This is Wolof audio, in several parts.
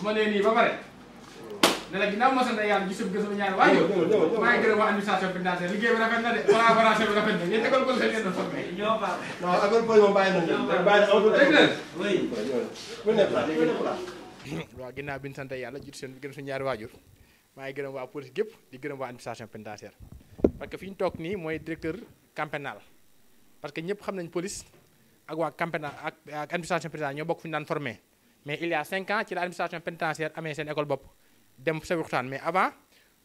su ma nee nii ba pare ne la ginnaaw ma sant yàlla gisub gëstu bi rafet suñu ñaari waajur maa ngi gërëm waa police gépp di gërëm waa administration pénitentiaire parce que fi ñu toog nii mooy directeur camp pénal parce que ñëpp xam nañ police ak waa camp pénal ak administration pénitentiaire ñoo bokk fi ñu daan formé mais il y cinq ans ci la administration pénitentiaire amee seen école bopp dem sa waxtaan mais avant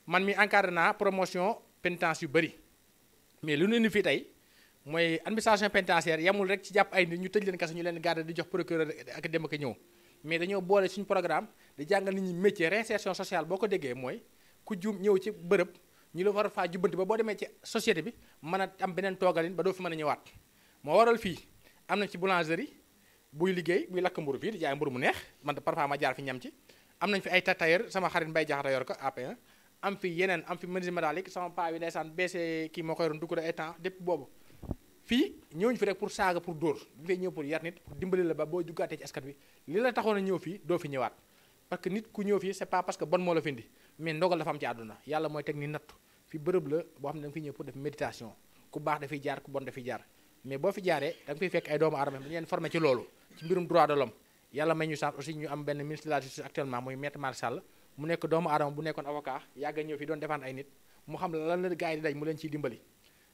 man mi encadré naa promotion pénitence yu bëri mais lu ñu indi fii tey mooy administration pénitentiaire yemul rek ci jàpp ay nit ñu tëj leen kaso ñu leen garde di jox procureur ak dem ak ñëw mais dañoo boole suñu programme di jàngal nit ñi métier réinsertion sociale boo ko déggee mooy ku juum ñëw ci bërëb ñu la war a faa jubbanti ba boo demee ci société bi mën a am beneen toogalin ba doo mën a ñëwaat moo waral fii am na ci boulangerie buy liggéey buy lakk mburu fii di jaay mburu mu neex man parfois ma jaar fi ñam ci am nañ fi ay tailleur sama xarit Mbay Jaxata yor ko ap am fi yeneen am fi menuisier métallique sama paa bi ndeysaan BC kii moo ko yoroon dugg ay temps depuis boobu fii ñëwuñu fi rek pour saaga pour dóor bi fay ñëw pour yar nit dimbali la ba boo jugaatee ci askan wi li la taxoon a ñëw fii doo fi ñëwaat parce que nit ku ñëw fii c'est pas parce que bon moo la fi mais mooy teg fi bërëb la boo xam ne da nga fi ku baax dafiy jaar ku bon dafiy jaar mais boo fi jaaree da nga fiy fekk ay doomu aadama dañu leen formé ci loolu ci mbirum droit de l'homme yàlla may ñu chance aussi ñu am benn ministre de justice actuellement muy maître Mar mu nekk doomu aadama bu nekkoon avocat yàgg ñëw fi doon défendre ay nit mu xam lan la yi di daj mu leen ciy dimbali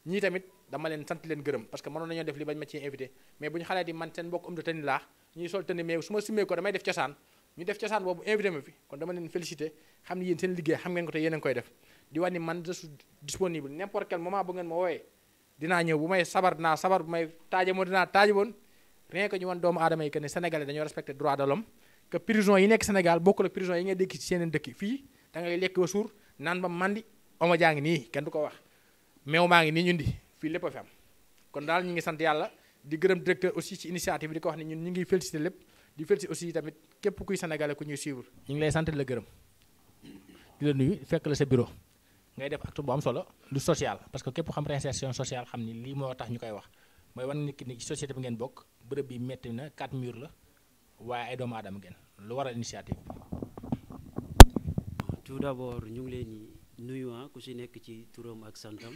ñii tamit dama leen sant leen gërëm parce que mënoon nañoo def li bañ ma ci invité mais bu ñu xalee di man seen mbokk am de tëni laax ñuy sol tëni a ngi koy def di wax ni dinaa ñëw bu may sabar dinaa sabar bu may taajamoon dinaa taajamoon rien que ñu wan doomu aadama yi que ne sénégalais dañoo respecté droit de l'homme que prison yi nekk Sénégal bokkul ak prison yi ngay dëkk ci seeneen fii da ngay lekk ba suur naan ba mandi oma jaa ngi nii kenn du ko wax meew maa ngi nii ñun di fii lépp a fi am kon daal ñu ngi sant yàlla di gërëm directeur aussi si initiative bi di ko wax ne ñun ñu ngi félicité lépp di félicité aussi tamit képp kuy sénégalais ku ñuy suivre ñu ngi lay sant la gërëm di fekk la sa bureau ngay def acte bu am solo lu social parce que képp xam réinsertion social xam ni lii moo tax ñu koy wax mooy wan nit ki ni société bi ngeen bokk bërëb bi metti na quatre murs la waaye ay doomu aadama ngeen lu waral initiative bi. tout ñu ngi leen di nuyu ah, ku si nekk ci turam ak santam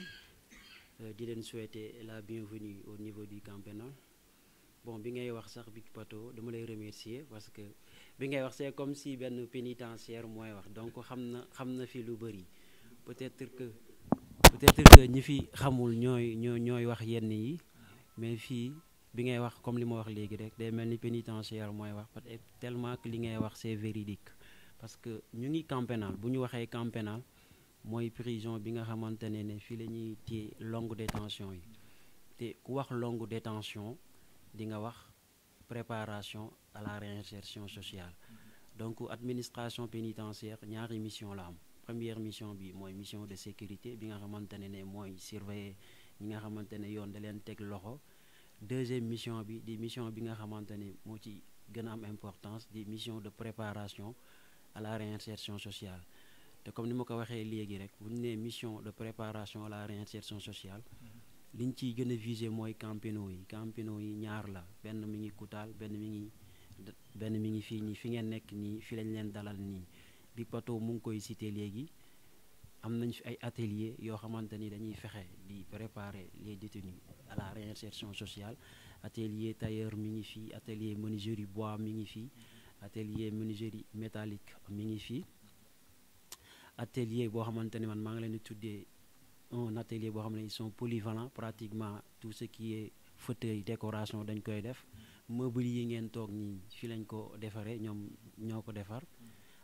euh, di leen souhaiter la bienvenue au niveau di camp pénal bon bi ngay wax sax bi Pato dama lay remercier parce que bi ngay wax see comme si benn pénitentiaire mooy wax donc xam na xam na fi lu bëri. peut-être que peut-être que ñi fi xamul ñooy ñoo ñooy wax yenn yi mais fii bi ngay wax comme li ma wax léegi rek day mel ni pénitentiaire mooy wax parce que tellement que li ngay wax c'est véridique parce que ñu ngi camp bu ñu waxee camp mooy prison bi nga xamante ne ne fii la ñuy téye longue détention yi te ku wax longue détention di nga wax préparation à la réinsertion sociale donc administration pénitentiaire ñaari mission la am première mission bi mooy mission de sécurité bi nga xamante ne ne mooy surveiller ñi nga xamante ne yoon da leen teg loxo deuxième mission bi di mission bi nga xamante ne moo ci gën a am importance di mission de préparation à la réinsertion sociale te comme ni ma ko waxee léegi rek bu ñu nee mission de préparation à la réinsertion sociale mm-hmm. liñ ciy gën a viser mooy campino yi campino yi ñaar la benn mi ngi Koutal benn mi ngi benn mi ngi fii nii fi ngeen nekk nii fi lañ leen dalal nii bi Pato mu ngi koy cité léegi am nañ fi ay atelier yoo xamante ni dañuy fexe di préparer les détenus à la réinsertion sociale atelier tailleur mi ngi fii atelier menuiserie bois mi ngi fii atelier menuiserie métallique mi ngi fii atelier boo xamante ni man maa ngi leen di tuddee un atelier boo xam ne ils sont polyvalents pratiquement tout ce qui est fauteuil décoration dañ koy def meubles yi ngeen toog ñi fi lañ ko defaree ñoom ñoo ko defar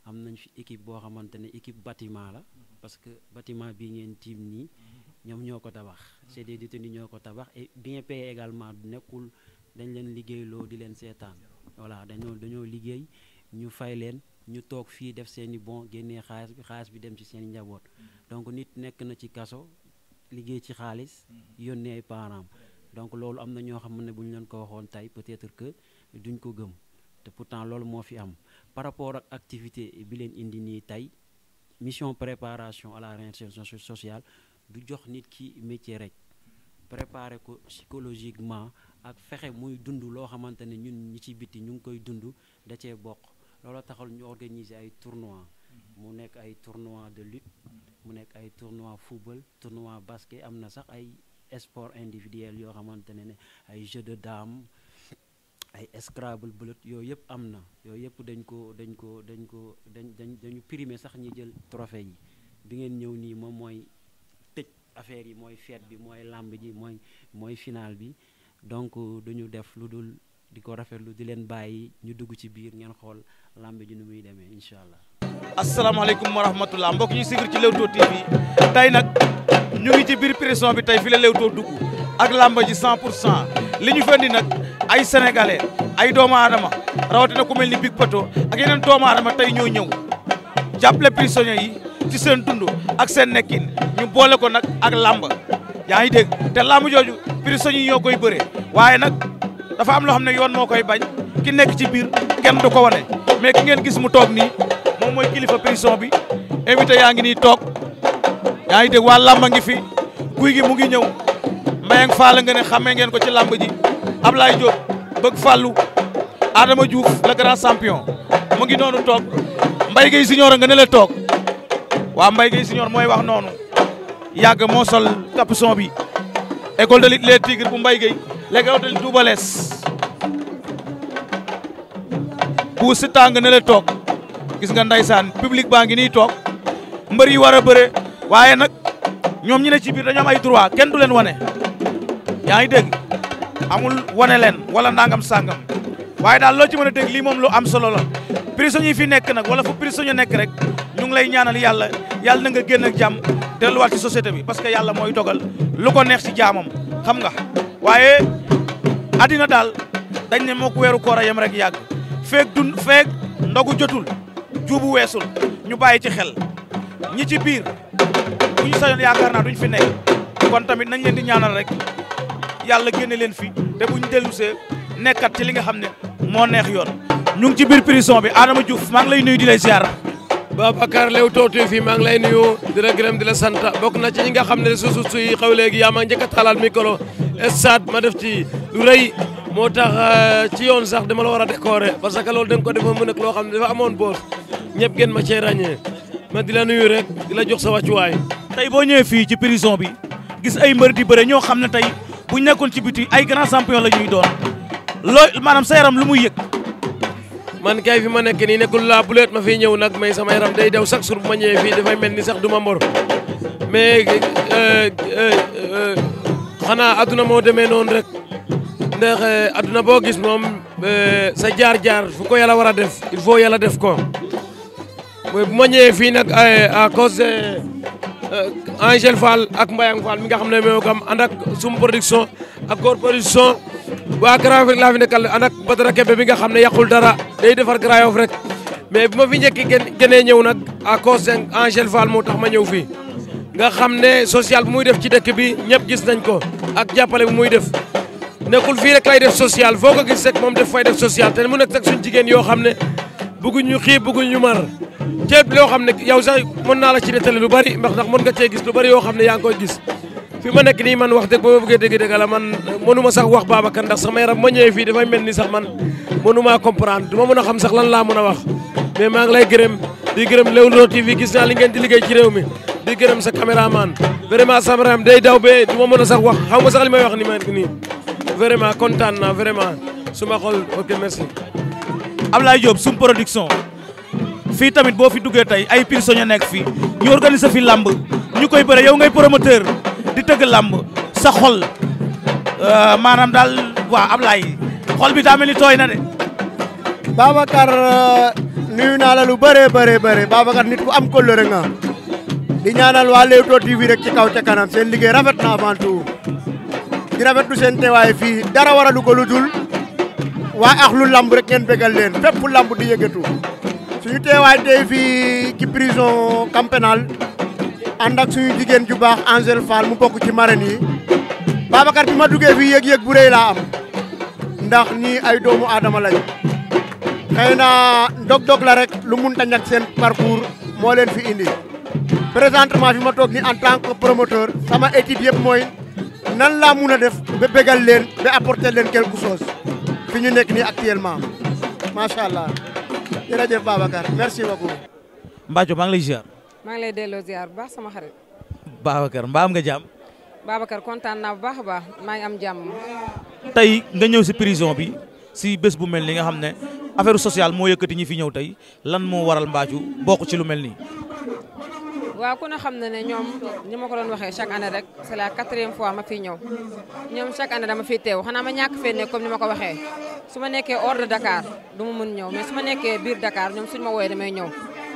am nañ fi équipe boo xamante ne équipe bâtiment la parce que bâtiment bii ngeen tiim nii ñoom ñoo ko tabax c'est des ni ñoo ko tabax et bien payé également nekkul dañ leen liggéeyloo di leen seetaan voilà dañoo dañoo liggéey ñu fay leen ñu toog fii def seen i bon génnee xaalis bi xaalis bi dem ci seen njaboot donc nit nekk na ci kaso liggéey ci xaalis yónnee ay parents donc loolu am na ñoo xam ne bu ñu leen ko waxoon tey peut-être que duñ ko gëm te pour temps loolu moo fi am par rapport ak activité bi indi nii tey mission préparation à la réinsertion sociale du jox nit ki métier rek préparer ko psychologiquement ak fexe muy dund loo xamante ne ñun ñi ci biti ñu ngi koy dund da cee bokk loolu taxal ñu organiser ay tournois mu nekk ay tournois de lutte mu nekk ay tournois football tournoi basket am na sax ay sport individuel yoo xamante ne ne ay jeu de daam ay Scrabble bullet yooyu yëpp am na yooyu yëpp dañ ko dañ ko dañ ko dañ dañ dañu primé sax ñi jël trophée yi bi ngeen ñëw nii moom mooy tëj affaire yi mooy feet bi mooy làmb ji mooy mooy final bi donc duñu def lu dul di ko rafetlu di leen bàyyi ñu dugg ci biir ngeen xool làmb ji nu muy demee incha allah. asalaamaaleykum wa rahmatulah mbokk ñu sigir ci Leewtoo TV tey nag ñu ngi ci biir pression bi tey fi la Leewtoo dugg ak làmb ji 100 pour 100. li ñu fendi nag ay sénégalais ay doomu aadama rawatina ku mel ni Big Pato ak yeneen doomu aadama tey ñoo ñëw jàppale prisonniers yi ci seen dund ak seen nekkin ñu boole ko nag ak làmb yaa ngi te làmb jooju prisonniers yi ñoo koy bëree waaye nag dafa am loo xam ne yoon moo koy bañ ki nekk ci biir kenn du ko wane mais ki ngeen gis mu toog nii moom mooy kilifa prison bi invité yaa ngi nii toog yaa ngi dégg waa làmb ngi fi guy gi mu ngi ñëw Mbayang Fall nga ne ngeen ko ci làmb ji Ablaye Diop bëgg Fallou Adama Diouf le grand champion mu ngi noonu toog Mbaye Guèye nga ne la toog waa Mbaye Guèye mooy wax noonu yàgg moo sol capuchon bi école de lutte bu Mbaye Guèye l'école de lutte Double Less bu nga ne la toog gis nga ndaysaan public baa ngi ni toog mbër yi war a bëre waaye nag ñoom ñi ne ci biir dañoo am ay droit kenn du leen wane yaa ngi dégg amul wane leen wala nangam sangam waaye daal loo ci mën lii moom lu am solo la prisonnier yi fi nekk nag wala fu prisonnier nekk rek ñu ngi lay ñaanal yàlla yàlla na nga génn ak jàmm delluwaat ci société bi parce que yàlla mooy dogal lu ko neex ci jaamam xam nga waaye addina daal dañ ne moo ko weeru koor a yem rek yàgg feeg dun feeg ndogu jotul juubu weesul ñu bàyyi ci xel ñi ci biir bu ñu sañoon yaakaar naa duñ fi nekk kon tamit nañ leen di ñaanal rek yàlla génne leen fi te bu ñu dellusee nekkat ci li nga xam ne moo neex yoon. ñu ngi ci biir prison bi Adama Diouf maa ngi lay nuyu di lay ziar. Babacar Leewtoo TV maa ngi lay nuyu di la gërëm di la sant bokk na ci ñi nga xam ne su xaw suy xew léegi yaa ma njëkk a taalal micro ma def ci lu rëy moo tax euh, ci yoon sax dama la war a décorer parce que loolu den nga ko defoon mu nekk loo xam ne dafa amoon boor ñëpp ngeen ma cee ràññee ma dina la nuyu rek di la jox sa wàccuwaay. tey boo ñëwee fii ci prison bi gis ay mbër di bëre ñoo xam ne tey. buñ nekkoon ci biti ay grand champion la ñuy doon loo maanaam sa yaram lu mu yëg man kay fi ma nekk nii nekkul laa buleet ma fi ñëw nag may sama yaram day daw chaque jour bu ma ñëwee fii dafay mel ni sax du ma mbor mais euh, euh, euh, xanaa adduna moo demee noonu rek ndax adduna boo gis moom sa jaar-jaar fu ko yàlla war a def il faut yàlla def ko bu ma ñëwee fii nag à cause Euh, Angel Fall ak Mbayang Fall mi nga xam ne moom itam ànd ak suma production ak góor waa Grand Yoff laa fi nekkal ànd ak Badara Kebe bi nga xam ne yàqul dara day defar Grand Yoff rek mais bu ma fi njëkk gënee ñëw nag à cause de Angel Fall moo tax ma ñëw fii. nga xam ne social bu muy def ci dëkk bi ñëpp gis nañ ko ak jàppale bu muy def nekkul fii rek lay def social foo ko gis rek moom def fay def social te mu nekk sax jigéen yoo xam ne bëgguñ ñu xiif bëgguñ ñu mar. ceeb loo xam ne yow sax mën naa la ci nettali lu bari ndax ndax mën nga cee gis lu bari yoo xam ne yaa ngi gis fi ma nekk nii man wax dëgg ba ma bëggee dëgg dëgg la man mënuma sax wax Babacar ndax sama yaram ma ñëwee fii dafay mel ni sax man ma comprendre du ma mën a xam sax lan laa mën a wax mais maa ngi lay gërëm di gërëm Leewtoo TV gis naa li ngeen di liggéey ci réew mi di gërëm sa caméraman vraiment sama yaram day daw bee du ma mën a sax wax xaw ma sax li may wax ni ma nii vraiment kontaan vraiment su ma xool ok merci Ablaye Diop Soum Production fii tamit boo fi duggee tey ay prisonniers nekk fii ñu organiser fi làmb ñu koy bëre yow ngay promoteur di tëgg làmb sa xol euh, maanaam daal waaw Ablaye xol bi daa mel ni tooy na de. Babacar euh, nuyu naa la lu bëree bëree bëri nit ku am kóllëre nga di ñaanal waa Leewtoo TV rek ci kaw ca kanam seen liggéey rafet na avant tout di seen teewaay fii dara waralu ko lu dul waa axlu lamb rek ngeen bégal leen fépp lamb di yëngatu. suñu teewaay tey fii ci prison camp pénal ànd ak suñu jigéen ju baax Angèle Fall mu bokk ci marraine yi Babacar bi ma duggee fii yëg-yëg bu rëy laa am ndax ñii ay doomu aadama lañu xëy na ndog-dog la rek lu mun ta ñàkk seen parcours moo leen fi indi présentement fi ma toog ni en tant que promoteur sama équipe yëpp mooy nan laa mun a def ba bégal leen ba apporter leen quelque chose fi ñu nekk nii actuellement macha allah. jërëjëf Babacar merci beaucoup. Mbathio maa ngi lay ziar. maa ngi lay delloo ziar bu baax sama xarit. Babacar mbaa am nga jàmm. Babacar kontaan naa bu baax a baax maa ngi am jàmm. tey nga ñëw si prison bi si bés bu mel ni nga xam ne affaire sociale moo yëkkati ñi fi ñëw tey lan moo waral Mbathio bokk ci lu mel nii. waaw ku ne xam na ne ñoom ñi ma ko doon waxee chaque année rek c'est la quatrième fois ma fiy ñëw ñoom chaque année dama fiy teew xanaa ma ñàkk fee ne comme ni ma ko waxee su ma nekkee hors dakaar Dakar du ma mun ñëw mais su ma nekkee biir dakaar ñoom suñu ma wooyee damay ñëw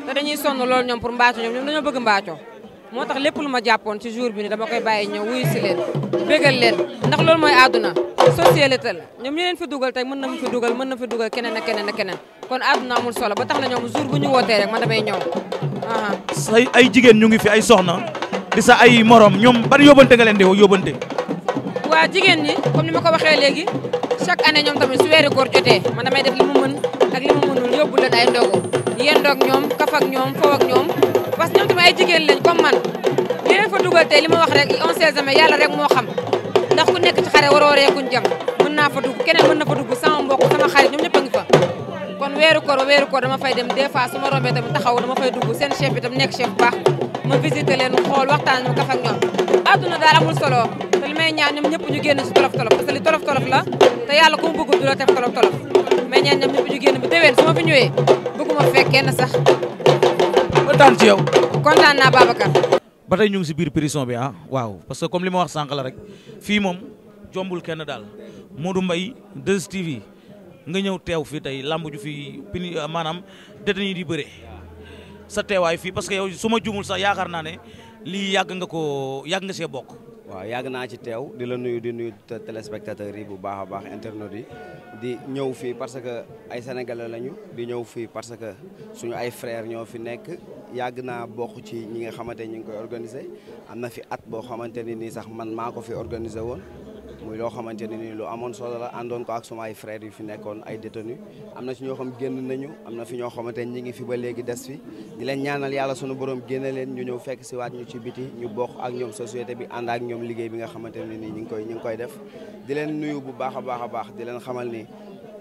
te dañuy sonn loolu ñoom pour mbaaco ñoom ñoom dañoo bëgg mbaaco moo tax lépp lu ma jàppoon ci jour bi ni dama koy bàyyi ñëw wuyu si leen bégal leen ndax loolu mooy àdduna société la ñoom ñi leen fi dugal tey mën na mu fi dugal mën na fi dugal keneen ak keneen ak keneen kon àdduna amul solo ba tax na ñoom jour bu ñu wootee rek man damay ñëw say ay jigéen ñu ngi fi ay soxna di sa ay moroom ñoom ban yóbbante nga leen di yóbbante waa jigéen ñi comme ni ma ko waxee léegi chaque année ñoom tamit su weeri koor jotee man damay def li mu ay jigéen lañ comme man li leen fa dugal tey li ma wax rek on sait yàlla rek moo xam ndax ku nekk ci xare waroo reekuñ jëm mën naa fa dugg keneen mën na fa dugg sama mbokk sama xarit ñoom ñëpp a ngi fa kon weeru koor ba weeru koor dama fay dem des fois su ma rombee tamit taxaw dama bi tam nekk chef bu baax ma visité leen xool waxtaan ma kaf ñaan ñoom ñëpp ñu génn si tolof tolof parce la te yàlla ku mu bëgg du la def tolof tolof mais ñaan ñoom ñëpp ñu génn bu déwéen su ma fi ñëwee bëgguma fekk kenn sax kontaan ci yow. kontaan naa Babacar. ba tey ñu si biir prison bi ah waaw parce que comme li ma wax sànq la rek fii moom jombul kenn daal Modou Mbaye 2STV nga ñëw teew fii tey lamb ju fi pini euh, maanaam di bëre sa teewaay fii parce que yow su ma jumul sax yaakaar naa ne lii yàgg nga ko yàgg nga see bokk. waaw yàgg naa ci teew di la nuyu di nuyu téléspectateurs yi bu baax a baax internet yi di ñëw fii parce que ay sénégalais lañu di ñëw fii parce que suñu ay frères ñoo fi nekk yàgg naa bokk ci ñi nga xamante ñu ngi koy organiser am na fi at boo xamante ne nii sax man maa ko fi organiser woon muy loo xamante ne nii lu amoon solo la àndoon ak suma ay frères yu fi nekkoon ay détenus am na ci ñoo xam génn nañu am na fi ñoo xamante ñi ngi fi ba léegi des fi di leen ñaanal yàlla sunu borom génne leen ñu ñëw fekk si waat ñu ci biti ñu bokk ak ñoom société bi ànd ak ñoom liggéey bi nga xamante ne nii ñu ngi koy ñu ngi koy def di leen nuyu bu baax a baax a baax di leen xamal ni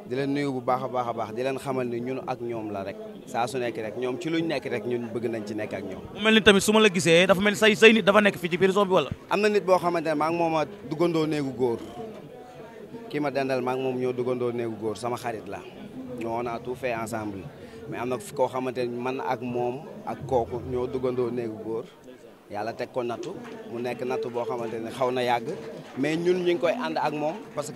di leen nuyu bu baax a baax di leen xamal ni ñun ak ñoom la rek saa su nekk rek ñoom ci lu ñu nekk rek ñun bëgg nañ ci nekk ak ñoom mu mel ni tamit su ma la gisee dafa mel ni say say ni dafa nekk fi ci prison bi wala am na nit boo xamante ne maa ngi moom a duggandoo néegu góor kii ma dendal maa moom ñoo duggandoo néegu góor sama xarit la ñoo on a tout fait mais am na koo xamante ne man ak moom ak kooku ñoo duggandoo néegu góor yàlla teg ko nattu mu nekk nattu boo xamante ne xaw na yàgg mais ñun ñu koy ànd ak moom parce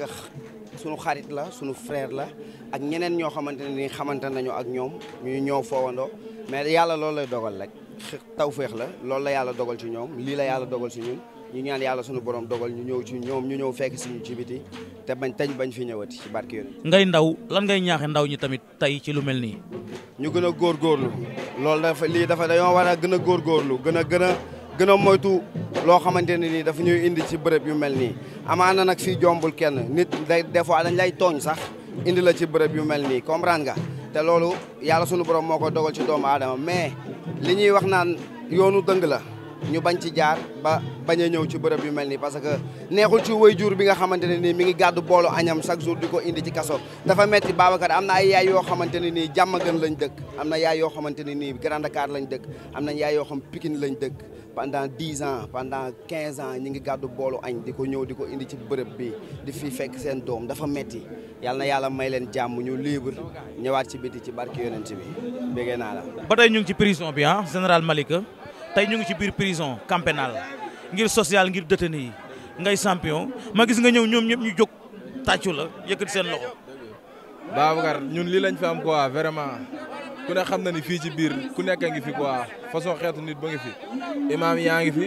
sunu xarit la sunu frère la ak ñeneen ñoo xamante ne ni xamante nañu ak ñoom ñu ñëw foowandoo mais yàlla loolu lay dogal rek tawféex la loolu la yàlla dogal ci ñoom lii la yàlla dogal ci ñun ñu ñaan yàlla sunu borom dogal ñu ñëw ci ñoom ñu ñëw fekk si ñu ci biti te bañ tañ bañ fi ñëwati ci barke yoon ngay ndaw lan ngay ñaaxe ndaw ñi tamit tey ci lu mel nii. ñu gën a góorgóorlu loolu dafa lii dafa dañoo war a gën a góorgóorlu gën a gën a gën a moytu loo xamante ne nii dafa ñuy indi ci bërëb yu mel nii amaana nag si jombul kenn nit day des fois dañ lay tooñ sax indi la ci bërëb yu mel nii comprendre nga te loolu yàlla sunu borom moo ko dogal ci doomu aadama mais li ñuy wax naan yoonu dëng la ñu bañ ci jaar ba bañ a ñëw ci bërëb yu mel nii parce que neexul ci waajur bi nga xamante ne nii mi ngi gàddu boolu añam chaque jour di ko indi ci kaso dafa metti Babacar am na ay yaay yoo xamante ne nii jàmm lañ dëkk am na yaay yoo xamante ne nii Grand Dakar lañ dëkk am na yaay yoo xam Pikine lañ dëkk pendant dix ans pendant quinze ans ñi ngi gàddu boolu añ di ko ñëw di ko indi ci bërëb bi di fi fekk seen doom dafa metti yàlla na yàlla may leen jàmm ñu libre ñëwaat ci biti ci barki yonent bi bégee naa la. ba tey ñu ngi ci prison bi ah général Malika tey ñu ngi ci biir prison camp pénal ngir social ngir détenu yi ngay champion ma gis nga ñëw ñoom ñëpp ñu jóg tàccu la yëkkati seen loxo. Babacar ñun lii lañ fi am quoi ku ne xam na ni fii ci biir ku nekk a ngi fi quoi façon xeetu nit ba ngi fi imaam yaa ngi fi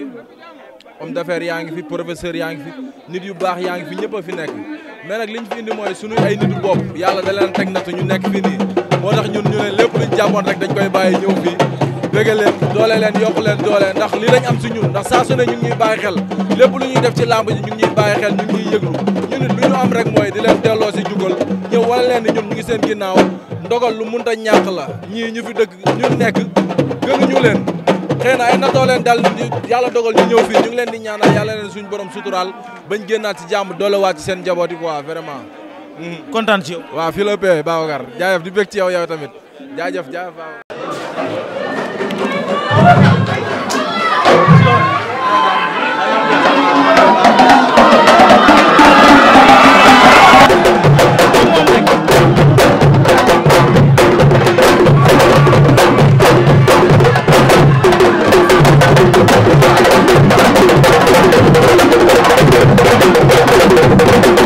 homme d'affaires yaa ngi fi professeur yaa ngi fi nit yu baax yaa ngi fi ñëpp fi nekk mais nag li ñu fi indi mooy sunu ay nitu bopp yàlla da leen teg na te ñu nekk fi nii moo tax ñun ñu lépp luñ jàppoon rek dañ koy bàyyi ñëw fii bëgg leen doole leen yokk doole ndax li lañ am si ndax saa su ñu ngi ñuy bàyyi lépp lu ñuy def ci làmb ji ñu ngi ñuy bàyyi xel ñuy yëglu ñun lu ñu am rek mooy di leen delloo si jugal ñëw wala leen ñun ñu ngi seen ginnaaw ndogal lu mënta ñàkk la ñii ñu fi dëkk ñu nekk gënuñu leen xëy na ay natoo dal yàlla dogal ñu ñëw fi ñu leen di ñaanal yàlla leen suñu borom suturaal bañ génnaat si jàmm doolewaat ci seen njaboot yi quoi hmm. kontaan ci yow. waaw fii la ëppee Babacar jaajëf di bég ci yow yow tamit jaajëf jaajëf Thank you.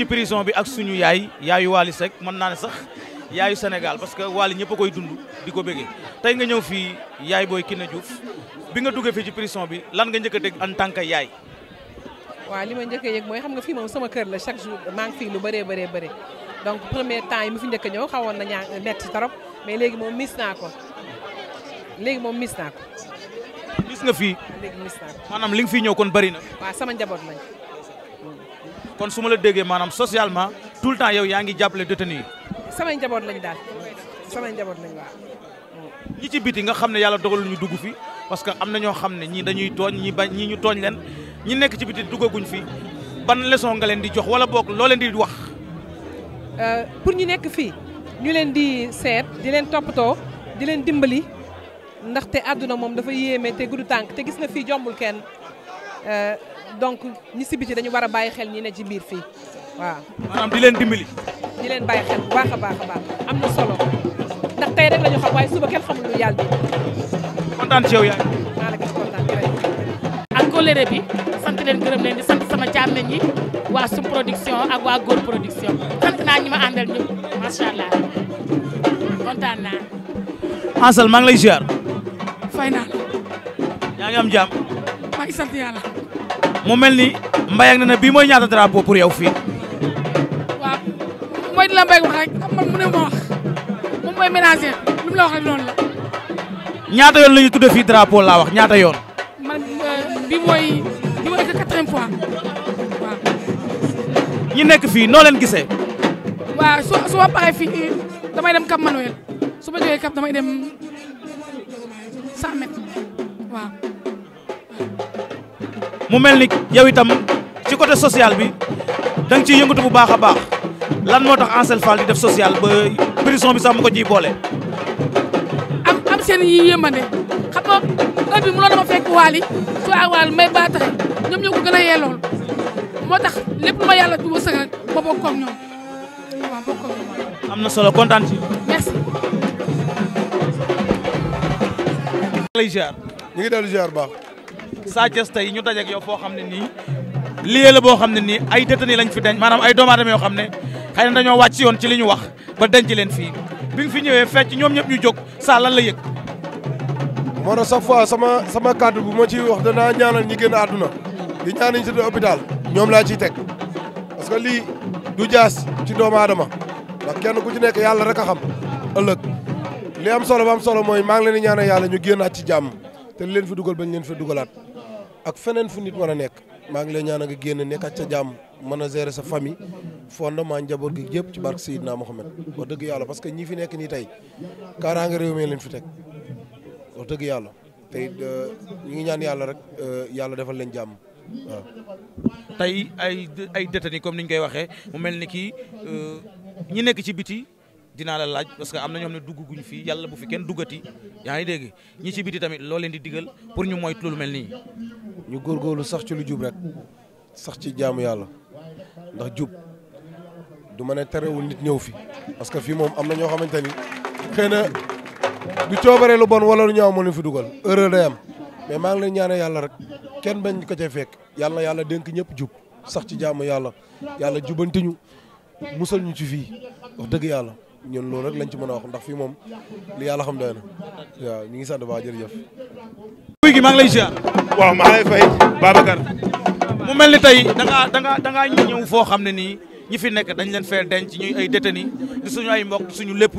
ci bi ak suñu yaay yaayu Waly Seck mën naa ne sax yaayu Sénégal parce que Waly ñëpp a koy dund di ko béggee tey nga ñëw fii yaay booy Kiné Diouf bi nga duggee fi ci prison bi lan nga njëkk a dégg en tant que yaay. waa li ma njëkk a yëg mooy xam nga fii moom sama kër la chaque jour maa ngi fii lu bëree bëree bëri donc premier temps yi mu fi njëkk a ñëw xawoon na ñaa metti trop mais léegi moom mis naa ko léegi moom mis mis nga fii. léegi mis naa maanaam li nga ñëw kon bëri na. waaw sama njaboot lañ. kon su ma la déggee maanaam socialement tout le temps yow yaa ngi jàppale détenu yi. samay njaboot lañ daal samay njaboot lañ waaw. ñi ci biti nga xam ne yàlla dogalul ñu dugg fi parce que am na ñoo xam ne ñii dañuy tooñ ñi bañ ñii ñu tooñ leen ñi nekk ci biti duggaguñ fi ban leçon nga leen di jox wala boog loo leen di wax. Euh, pour ñu nekk fii ñu leen di seet di leen toppatoo di leen dimbali ndaxte àdduna moom dafa yéeme te gudd tànk te gis nga fii jombul kenn. Euh, donc ñi si biti dañu war a bàyyi xel ñi ne ci biir fii waaw. maanaam di leen dimbali. di leen bàyyi xel bu baax a baax a baax am na solo ndax tey rek la xam waaye suba kenn xamul lu yàlla bi. kontaan ci yow yaay. maa gis kontaan jërëjëf. ak kóllëre bi sant leen gërëm leen di sant sama càmmeñ yi waa sum production ak waa góor production ma maa ngi lay ziar. fay naa la. am jàmm. mu mel ni Mbaye Nene bii mooy ñaata drapeau pour yow fii. waaw mooy di la Mbaye wax rek mu ne ma wax moom mooy ménager lu mu la wax rek noonu la. ñaata yoon la ñu tuddee fii drapeau laa wax ñaata yoon. Euh, bii mooy bii mooy quatrième fois waaw. ñi nekk fii noo leen gisee. waaw su su ma paree fii damay dem Cap Manuel su ma jógee Cap damay dem 100 mu mel ni yow itam ci côté social bi da ci ciy bu baax a baax lan moo tax Ancel Fall di def social ba prison bi sax mu ko ciy boole. am am seen yi yéemande xam nga heure bi mënoo dama fekk waal yi su waal may baa taxe ñoom ñoo ko gën a yeelool moo tax lépp ma yàlla du wërsëg ma bokk ak ñoom am na solo kontaan ci. merci. ñu ngi dellu ziar baax. Sa tey ñu dajeeg yow foo xam ne nii lieu la boo xam ne nii ay détenus lañ fi denc maanaam ay doomu aadama yoo xam ne xëy na dañoo wàcc yoon ci li ñu wax ba denc leen fii bi nga fi ñëwee fec ñoom ñëpp ñu jóg saa lan la yëg. moo tax chaque fois sama sama kàddu bu ma ciy wax danaa ñaanal ñi génn àdduna di ñaan ñi tëdd hôpital ñoom laa ciy teg parce que lii du jaas ci doomu aadama ndax kenn ku ci nekk yàlla rek a xam ëllëg li am solo ba am solo mooy maa ngi leen di ñaanal yàlla ñu génnaat ci jàmm leen fi dugal bañ leen fi dugalaat. ak feneen fu nit war a nekk maa ngi lay ñaan a nga génn nekkat ca jàmm mën sa gérer sa famille fondement njaboot gi yëpp ci barke Seydina Mohamed wax dëgg yàlla parce que ñi fi nekk nii tey kaaraange réew mi leen fi teg wax dëgg yàlla tey euh, ngi ñaan yàlla rek euh, yàlla defal leen jàmm waaw. ay ay détenu comme ni ñu koy waxee mu mel ni kii euh, ñi nekk ci biti. dinaa la laaj parce que am na ñoom ne dugg guñ fii yàlla bu fi kenn duggati yaa ngi dégg ñi ci biti tamit loo leen di digal pour ñu moytu lu nii. ñu góorgóorlu sax ci lu jub rek sax ci jaamu yàlla ndax jub du ma ne terewul nit ñëw fi parce que fii moom am na ñoo xamante ni xëy na du coobaree lu bon wala lu ñaaw moo leen fi dugal erreur day am mais maa ngi leen ñaanal yàlla rek kenn bañ ko cay fekk yàlla yàlla dénk ñëpp jub sax ci jaamu yàlla yàlla jubanti ñu musal ñu ci fii wax dëgg yàlla. ñun loolu rek lañ ci mën a wax ndax fii moom li yàlla xam doy na ñu ngi sant ba jërëjëf. guy gi maa ngi lay ziar. waaw maa mel ni tey da ngaa da ñëw foo xam ne nii ñi fi nekk dañ leen fee denc ñuy ay détenu di suñu ay mbokk suñu lépp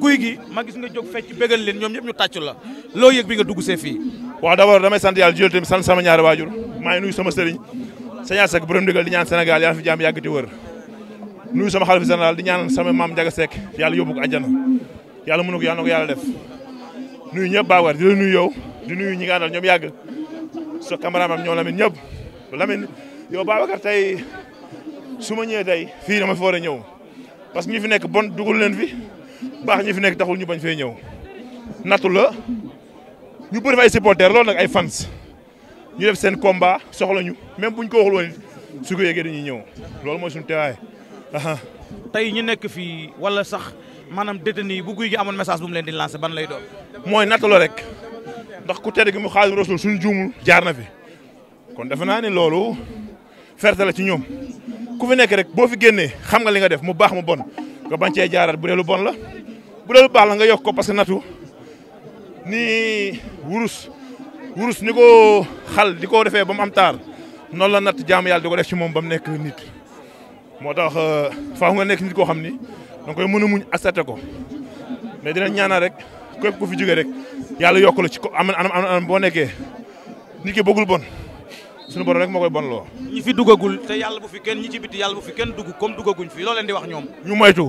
guy gi ma gis nga jóg fecc bégal leen ñoom ñëpp ñu tàccu la loo yëg bi nga dugg see fii. waaw d'abord damay sant yàlla jël tamit sant sama ñaari waajur maa ngi nuyu sama sëriñ sañaar sak borom ndigal di ñaan senegal yàlla fi jàmm yàgg te wër nuyu sama xalifa général di ñaanal sama maam Ndiaga Seck yàlla yóbbu ko àjjana yàlla mënu ko yàlla yàlla def nuyu ñëpp Babacar di la nuyu yow di nuyu ñi nga àndal ñoom ñëpp Lamine yow Babacar tey su ma ñëwee tey fii ma fi war a ñëw parce que ñi fi nekk bon dugul leen fi baax ñi fi nekk taxul ñu bañ fee ñëw natu la ñu bëri fa ay supporters loolu nag ay fans ñu def seen combat soxla ñu même buñ ko waxul woon it su ko ñu dañuy ñëw loolu mooy suñu teewaay tey ñu nekk fii wala sax maanaam détenu yi bu guy gi amoon message bu leen di lancé ban lay doon. mooy nattaloo rek ndax ku tedd gi mu Xaadimu Rasuul suñu juumul jaar na fi kon defe naa ne loolu ferte la ci ñoom ku fi nekk rek boo fi génnee xam nga li nga def mu baax mu bon nga bañ cee jaaraat bu dee bon la bu dee lu baax la nga yokk ko parce que natu ni wurus wurus ni ko xal di ko defee ba mu am taar noonu la natt jaamu yàlla di ko def ci moom ba mu nekk nit. moo tax euh, faaw nga nekk nit koo xam ni danga koy mën a muñ accepté ko mais dinañ ñaanal rek képp ku fi jógee rek yàlla yokk la ci ko am anam boo nekkee nit ki bëggul bon suñu borom rek moo koy bon loo. ñi fi duggagul te yàlla bu fi kenn ñi ci biti yàlla bu fi kenn dugg comme duggaguñ fi loo leen wax ñoom. ñu moytu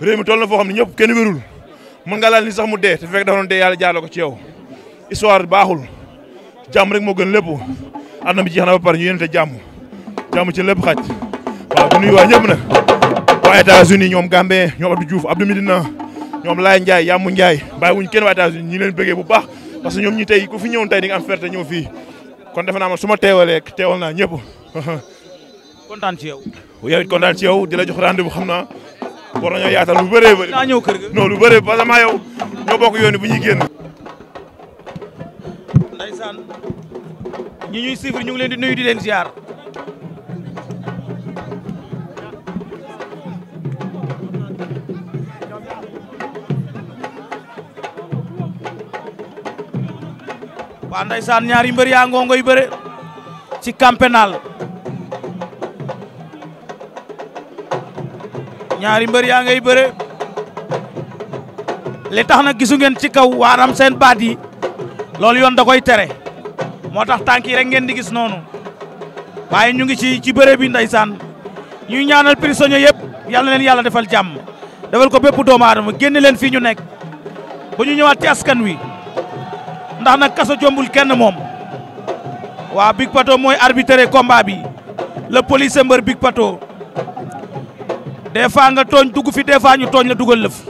réew mi toll na foo xam ne ñëpp kenn wérul mën nga laal ni sax mu dee te fekk dafa doon dee yàlla jaarale ko ci yow histoire baaxul jàmm rek moo gën lépp àdduna bi jeex na ba pare ñu yéen te jàmm jàmm ci lépp xaj. di nuyu waa ñëpp nag waa États-Unis ñoom Gambien ñoom Abdou Diouf Abdou Medina ñoom Laye Ndiaye Yamou Ndiaye bàyyiwuñ kenn waa États-Unis ñi leen bëggee bu baax parce que ñoom ñi tey ku fi ñëwoon tey di nga am fierté ñëw fii kon defe naa man ma teewalee teewal naa ñëpp kontaan ci yow yow it kontaan ci yow di la jox rendez-vous xam naa war nañoo yaatal lu bëree bëri naa ñëw kër lu bëree parce que maa ñoo bokk yoon bu ñuy génn ndeysaan ñi ñuy suivre ñu ngi leen di waa ndeysaan ñaari mbër yaa ngoongoy bëre ci camp pénal ñaari mbër yaa ngay bëre li tax na gisu ngeen ci kaw waaram seen baat yi loolu yoon da koy tere moo tax tànk yi rek ngeen di gis noonu waaye ñu ngi ci ci bëre bi ndeysaan ñuy ñaanal prisonnier yëpp yal na leen yàlla defal jàmm defal ko bépp doomu aadama génne leen fii ñu nekk ba ñu ñëwaat ci askan wi ndax na kaso jombul kenn moom waa Big Pato mooy arbitré combat bi le police mbër Big Pato fois nga tooñ dugg fi des fois ñu tooñ la dugal lëf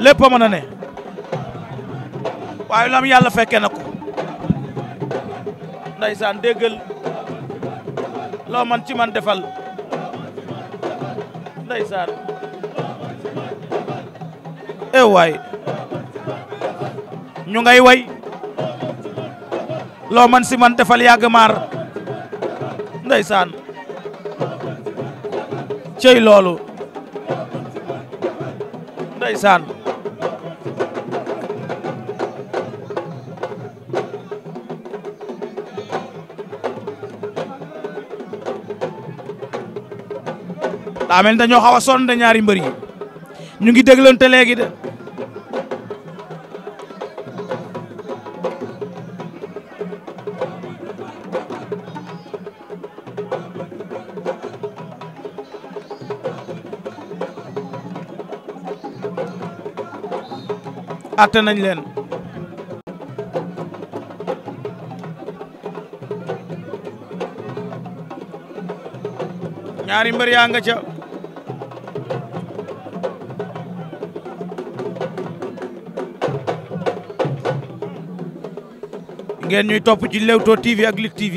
lépp mën a ne waaye lam yàlla fekke na ko ndaysaan déggal loo man ci man defal ndaysaan e eh waay ñu ngay way loo man si man defal yàgg maar ndeysaan cey loolu ndeysaan daa mel dañoo xaw a sonn de ñaari mbër yi ñu ngi déglante léegi de atte nañ leen ñaari mbër yaa nga ca ngeen ñuy topp ci Leewtoo TV ak TV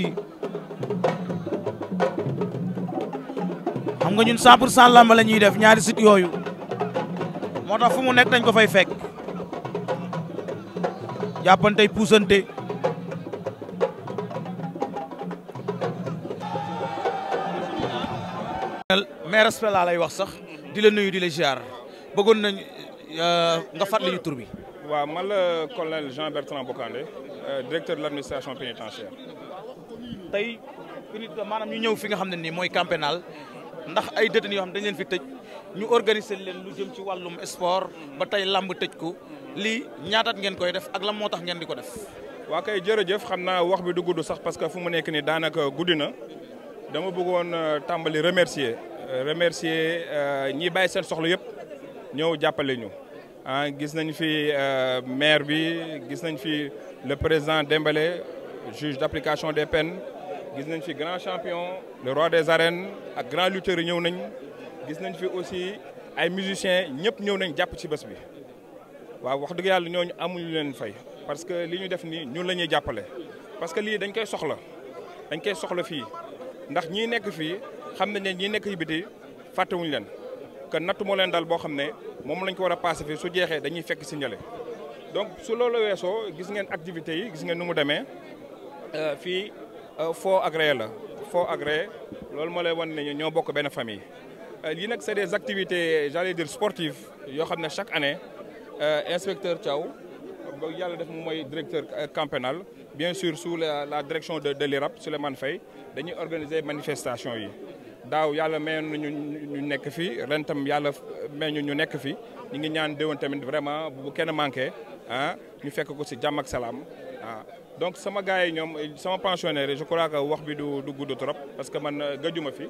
xam nga ñun 100 pour cent lamb la ñuy def ñaari sit yooyu moo tax fu mu nekk dañ ko fay fek jàppantey puusante mais respect laa lay wax sax di la nuyu di la ziar bëggoon nañ euh, nga fàttali ñu tur bi waaw man la colonel Jean Bertrand Bocandé euh, directeur de l'administration pénitentiaire tey maanaam ñu ñëw fi nga xam ne nii mooy camp pénal ndax ay détenus yoo xam dañ leen fi tëj ñu organiser leen lu jëm ci wàllum sport ba tey làmb tëj ko lii ñaataat ngeen koy def ak lan moo tax ngeen di ko def. waa kay jërëjëf xam naa wax bi du gudd sax parce que fu mu nekk nii daanaka guddi na dama bëggoon euh, tàmbali remercier euh, remercier euh, ñi bàyyi seen soxla yëpp ñëw jàppale ñu. ah gis nañ fi maire bi gis nañ fi le président Dembélé juge d'application des peines gis nañ fi grand champion le roi des arènes ak grand lutteur yi ñëw nañ gis nañ fi aussi ay musiciens ñëpp ñëw nañ jàpp ci bés bi. waaw wax dëgg yàlla ñooñu amuñu leen fay parce que li ñu def nii ñun la ñuy jàppale parce que lii dañ koy soxla dañ koy soxla fii ndax ñii nekk fii xam nañ ne ñii nekk yi biti fàttewuñu leen que nattu moo leen daal boo xam ne moom lañ ko war a passé fii su jeexee dañuy fekk si njële donc su loolu weesoo gis ngeen activités yi gis ngeen nu mu demee euh, fii euh, foo agréé la foo agréé loolu moo lay wan ne ñoo bokk benn famille. Euh, lii nag c'est des activités j'allais dire yoo xam ne chaque année. Euh, inspecteur Thiaw yàlla def mu mooy directeur euh, campénal bien sur sous la la direction de de l'IRAP Souleymane Faye dañuy organiser manifestation yi daaw yàlla mayoon nañu ñu nekk fii ren tam yàlla may ñu ñu nekk fii ñu ngi ñaan déwoon tamit vraiment bu kenn manqué ah ñu fekk ko si jàmm ak salaam ah. donc sama gars yi ñoom sama pensionnaire je crois que wax bi du du gudd trop parce que man gajuma fi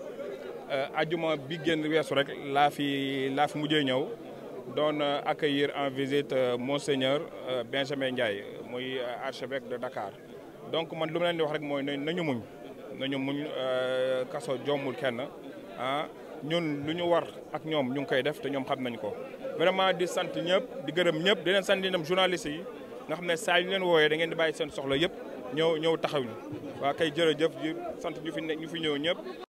euh, ajuma bi génn weesu rek laa fi laa fi mujjee ñëw. don euh, accueillir en visite euh, monseigneur euh, Benjamin Ndiaye mooy archevêque de Dakar donc man lu ma leen di wax rek mooy nañu muñ nañu muñ kaso jommul kenn ah ñun lu ñu war ak ñoom ñu ngi koy def te ñoom xam nañ ko. vraiment di sant ñëpp di gërëm ñëpp di leen sant ñoom journalistes yi nga xam ne saa yu leen wooyee da ngeen di bàyyi seen soxla yëpp ñëw ñëw taxaw ñu waa kay jërëjëf di sant ñu fi ñu fi ñëw ñëpp.